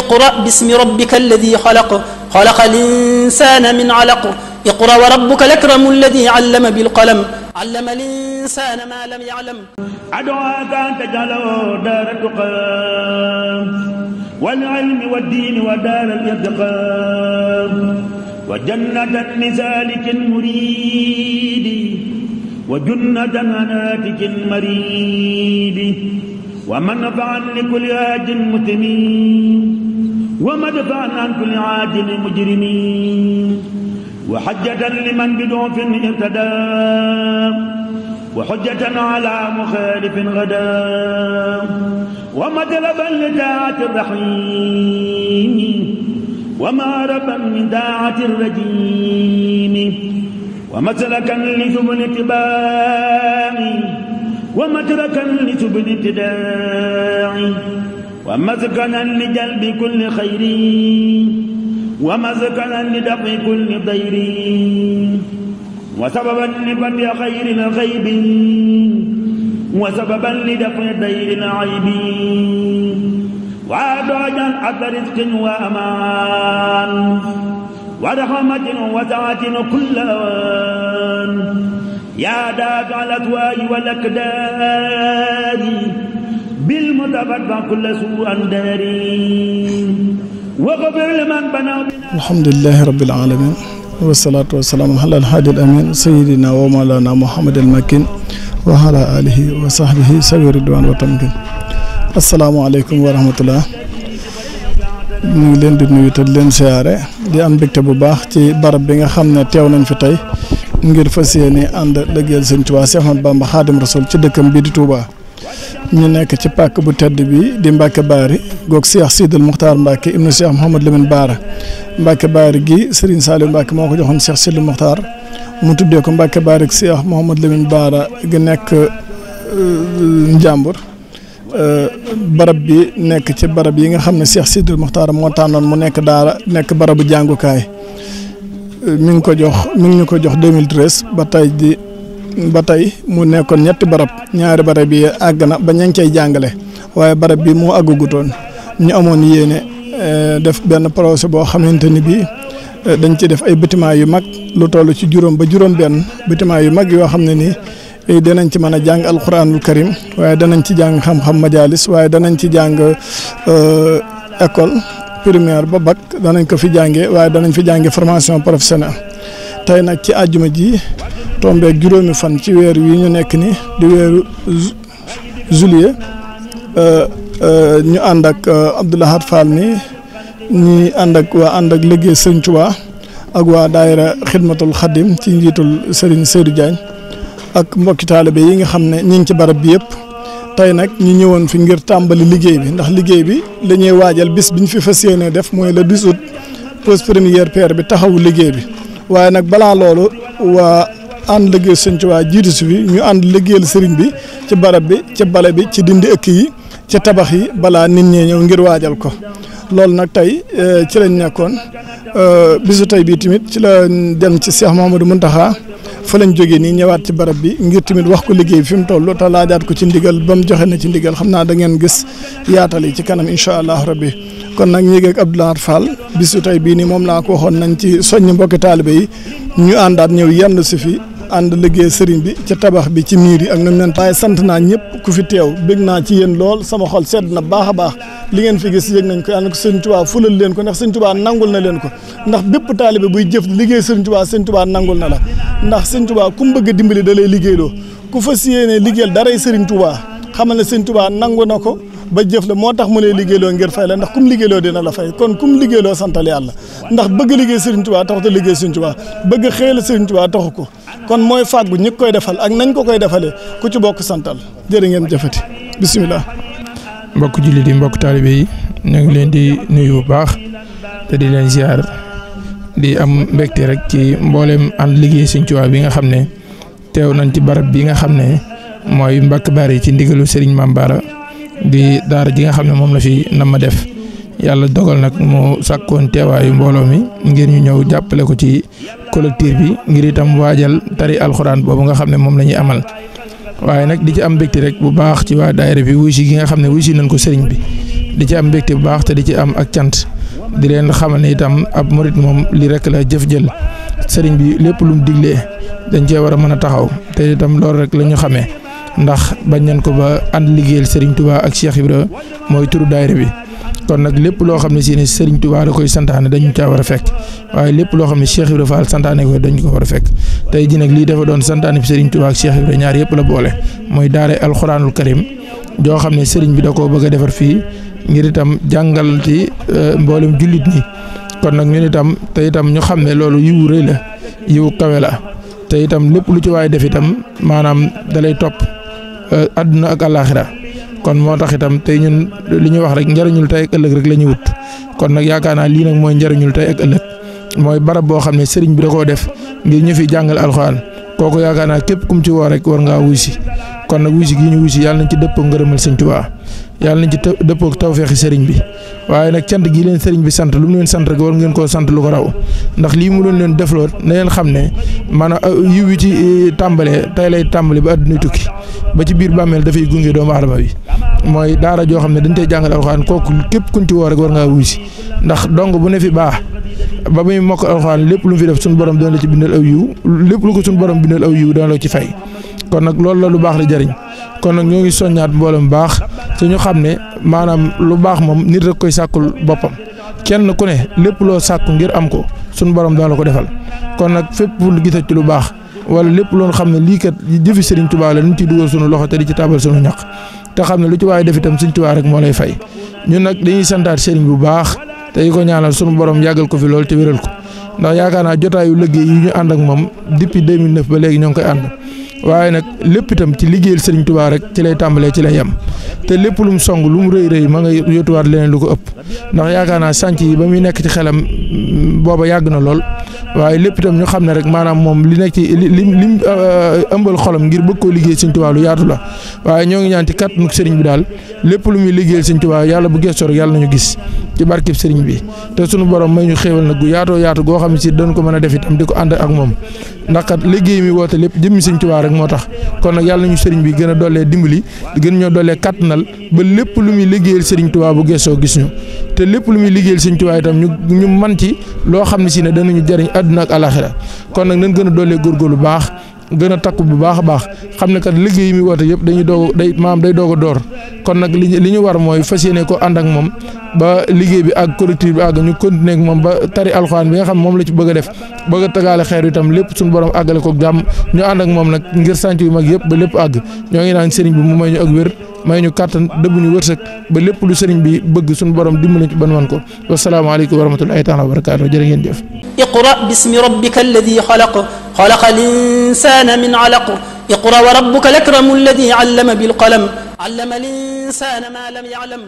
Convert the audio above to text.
اقرأ باسم ربك الذي خلق خلق الإنسان من علق اقرأ وربك الأكرم الذي علم بالقلم علم الإنسان ما لم يعلم أدعاك أن تجعله دار التقام والعلم والدين ودار الإرتقام وجنة لسالك مريد وجنة هناتك مريد ومنفعا لكل هاج متمين ومدفع عن كل عاجل مجرمين وحجة لمن بضعف ارتدى وحجة على مخالف غدا ومطلبا لطاعة الرحيم ومهربا من داعة الرجيم ومسلكا لسبل اتباعي ومتركا لسبل ابتداعي ومسكنا لجلب كل خير ومسكنا لدفع كل ضير وسببا لفتح خير الغيب وسببا لدفع ضير العيب وأدعجا أثر رزق وأمان ورحمة وسعة كل أوان يا دافع الأسواء والأكدار bil mu dabat banqule su andari waqabir liman banaw alhamdulilahi rabbil alamin wasalaatu wasalaamu ala alhaadi al amin sayidina wa mawlana muhammad al makin alihi wa sawi ridwan wa tamkin asalaamaaleykum wa rahmatullah ngi leen di nuyu te leen siyaare di am mbégte bu baax ci barab bi nga xam ne teew nañ fi tey ngir fas yéene ànd dëggeel sëñ Tuubaa Seex Ahmadu Bamba Xaadim Rasuul ci dëkkam bii di Tuubaa ñu nekk ci pàkk bu tedd bi di Mbacke Baari goog Cheikh Sidal Muxtaar Mbacke ibnu Cheikh Mouhamad Lamine Baara Mbacke Baari gi sëriñ Saliou Mbacke moo ko joxoon Cheikh Sidal Muxtaar mu tuddee ko Mbacke Baari ak Cheikh Mouhamad Lamine Baara gi nekk euh, Njàmbur euh, barab bi nekk ci barab yi nga xam ne Cheikh Sidal Muxtaar moo tànnoon mu nekk daal nekk barabu jàngukaay euh, mi ngi ko jox mu ngi ñu ko jox 2013 ba tey di. ba tey mu nekkoon ñetti barab ñaari barab yi àgg na ba ña ngi koy jàngale waaye barab bi moo àggugutoon ñu amoon yéene eh, def benn projet boo xamante ni bii eh, dañ ci def ay bâtiment yu mag lu toll ci juróom ba juróom-benn bâtiment yu mag yoo xam ne ni eh, danañ ci mën a jàng alquranul karim waaye danañ ci jàng xam-xam majalis waaye danañ ci jàng école primaire ba bac danañ ko fi jàngee waaye danañ fi jàngee formation professionnelle tey nag ci àjjuma ji tombeek juróomi fan ci weer wi ñu nekk ni di weeru juillet euh, euh, ñu ànd ak euh, Abdou Lahad Fall mi ñi ànd ak waa ànd ak liggéey Sëriñ ak waa daayira xidmatul xadim ci njiitul Serigne Seydou Diagne ak mbokki taalibe yi nga xam ne ñi ngi ci barab bi yëpp tey nag ñu ñëwoon fi ngir tàmbali liggéey bi ndax liggéey bi la waajal bis bi ñu fi fas yéenee def mooy le 10 août pose première pierre bi taxawu liggéey bi waaye nag balaa loolu waa ànd liggéeyal sëñ Tuubaa jiitu si fi ñu ànd liggéeyal sëriñ bi ci barab bi ci bale bi ci dindi ëkk yi ci tabax yi balaa nit ñi ñëw ngir waajal ko loolu nag tey eh, ci lañ nekkoon eh, bisu tey bii tamit ci la dem ci Cheikh Mouhamadou Mountakha fa lañ jógee nii ñëwaat ci barab bi ngir tamit wax ko liggéey bi fi mu toll te laajaat ko ci ndigal ba mu joxe na ci ndigal xam naa da ngeen gis yaatal yi ci kanam incha allah rabbi kon nag ñi ak Abdoulaye Fall bisu tey bii nii moom laa ko waxoon nañ ci soññ mbokki taalibe yi ñu àndaat ñëw yenn ànd liggéey sëriñ bi ci tabax bi ci miir yi ak nañ leen waaye sant naa ñëpp ku fi teew bég naa ci yéen lool sama xol sedd na baax a baax li ngeen fi gis yëg nañ ko yàlla na ko sëriñ Tuubaa fulal leen ko ndax sëriñ Tuubaa nangul na leen ko ndax bépp taalibe buy jëf liggéey sëriñ Tuubaa sëriñ Tuubaa nangul na la ndax sëriñ Tuubaa ku mu bëgg a dimbali da lay liggéeyloo ku fas yéene daray sëriñ Tuubaa xamal na sëriñ Tuubaa nangu na ko ba jëf la moo tax mu lay liggéeyloo ngir fay la ndax kum liggéeyloo dina la fay kon kum liggéeyloo santal yàlla ndax bëgg liggéey Sëriñ Tuubaa taxut a liggéey Sëriñ Tuubaa bëgg xëy la Sëriñ Tuubaa ko kon mooy fàggu ñi koy defal ak nañ ko koy defalee ku ci bokk santal jërë ngeen jëfati bisimilah. mbokk jullit yi mbokk taalibe yi ñu ngi leen di nuyu bu baax te di leen ziar di am mbégte rek ci mbooleem ànd liggéey Sëriñ Tuubaa bi nga xam ne teew nañ ci barab bi nga xam ne mooy Mbàkke Bari ci ndigalu Sëriñ Mame di daara ji nga xam ne moom la fi nam ma def yàlla dogal nag mu sàkkoon teewaayu mbooloo mi ngir ñu ñëw jàppale ko ci collectif bi ngir itam waajal tari alxuraan boobu nga xam ne moom la ñuy amal waaye nag di ci am mbégte rek bu baax ci waa daayira bi wuy si gi nga xam ne wuy si nañ ko sëriñ bi di ci am mbégte bu baax te di ci am ak cant di leen xamal ne itam ab morit moom li rekk la jëf jël sëriñ bi lépp lu digle dañ cee war a mën a taxaw te itam loolu rek la ñu xamee. ndax bañ nañ ko ba ànd liggéeyal Serigne Touba ak Cheikh Ibra mooy turu daayira bi kon nag lépp loo xam ne si ne Serigne Touba da koy santaane dañu caa war a fekk waaye lépp loo xam ne Cheikh Ibra Fall santaane ko dañ ko war a fekk tey jii lii dafa doon santaane bi Serigne Touba ak Cheikh ñaar yëpp la boole mooy daara alxuraanul karim joo xam ne Serigne bi da koo bëgg a defar fii ngir itam jàngal ci euh, mboolem jullit ñi kon nag ñun itam tey itam ñu xam ne loolu yiwu rëy la yiwu kawe la te itam lépp lu ci waay def itam maanaam dalay topp. Euh, àdduna ak àllaaxira kon moo tax itam tey ñun li ñuy wax rek njariñul tey ak ëllëg rek la ñuy wut kon nag yaakaar naa lii nag mooy njëriñul tey ak ëllëg mooy bara boo xam ne sëriñ bi da koo def ngir ñu fi jàngal alxuraan kooku yaakaar naa képp kum ci woo rek war ngaa wuy si kon nag wuy si gi ñu wuy si yàlla nañ ci dëpp ngërëmal sëñ Tuubaa yàlla nañ ci dëppoo ak tawféexi sëriñ bi waaye nag cant gi leen sëriñ bi sant lu mu leen sant rek war ngeen koo sant lu ko raw ndax lii mu doon leen defloo na leen xam ne maanaam yiw wi ci e, tàmbalee tey lay tàmbali ba àdduna tukki ba ci biir bàmmeel dafay gunge doomu aadama bi mooy daara joo xam ne dañ tey jàngale alxuraan kooku képp kuñ ci woo rek war ngaa wuy si ndax dong bu ne fi baax ba muy mokk alxuraan lépp lu mu fi def suñu borom dana la ci bindal aw yiw lu ko suñu borom bindal aw yiw dana la ci fay kon nag loolu la baax la jariñ baax te ñu xam ne maanaam lu baax moom nit rek koy sàkkul boppam kenn ku ne lépp loo sàkku ngir am ko suñu borom dana la ko defal kon nag fépp lu gisat ci lu baax wala lépp loonu xam ne lii kat jëfi Serigne Touba la ñu ciy dugal sunu loxo te di ci tabal sunu ñaq te xam ne lu ci waaye def itam Serigne Touba rek moo lay fay ñun nag dañuy santaat Serigne bu baax te yi ko ñaanal sunu borom yàggal ko fi loolu te wéral ko ndax yaakaar naa jotaayu liggéey yi ñu ànd ak moom depuis 2009 ba léegi ñoo ngi koy ànd. waaye nag lépp itam ci liggéeyal sëriñ Tuubaa rek ci lay tàmbalee ci lay yem te lépp lu mu song lu mu rëy rëy ma nga yotuwaat leneen lu ko ëpp ndax yaakaar naa sànc yi ba muy nekk ci xelam mm, booba yàgg na lool waaye lépp itam ñu xam ne rek maanaam moom li nekk ci li li mu euh, ëmbal xolam ngir bëgg koo liggéey sëriñ Tuubaa lu yaatu la waaye ñoo ngi ñaan ci kàttanu sëriñ bi daal lépp lu muy liggéeyal sëriñ Tuubaa yàlla bu gëstoo rek yàlla nañu gis ci barkib sëriñ bi te sunu borom may ñu xéewal nag gu yaatoo yaatu goo xam ne si doon ko mën a def itam di ko ànd ak moom ndax kat liggéey mi woote lépp jëmmi sëriñ Tuubaa rek moo tax kon nag yàlla nañu sëriñ bi gën a dimbali gën ñoo doolee kattanal ba lépp lu muy liggéeyal sëriñ Tuubaa bu gëstoo gis ñu te lépp lu muy liggéeyal sëriñ Tuubaa itam ñu man ci loo xam ne si ne danañu jariñ àdduna ak alaxira kon nag nañ gën a doolee góorgóorlu baax gën a takku bu baax a baax xam ne kat liggéey yi muy woote yëpp dañuy doog day maam day doog a door kon nag li li ñu war mooy fas yéene ko ànd moom ba liggéey bi ak collectif bi àgg ñu continuer moom ba tari alxuraan bi nga xam moom la ci bëgg a def bëgg a tagaale xeer itam lépp suñu borom àggale ko jàmm ñu ànd ak moom nag ngir sànc yu mag yëpp ba lépp àgg ñoo ngi naan sëriñ bi mu may ñu ak wér may ñu kàttan dëbb ñu wërsëg ba lépp lu sëriñ bi bëgg suñu borom dimbali ci ban man ko wasalaamaaleykum wa rahmatullahi taala wa barakaatu jërë ngeen jëf iqra bismi rabbika alladi xalaq xalaqa linsana min alaq iqra wa rabbuka lakram alladi allama bilqalam allama linsana ma lam yalam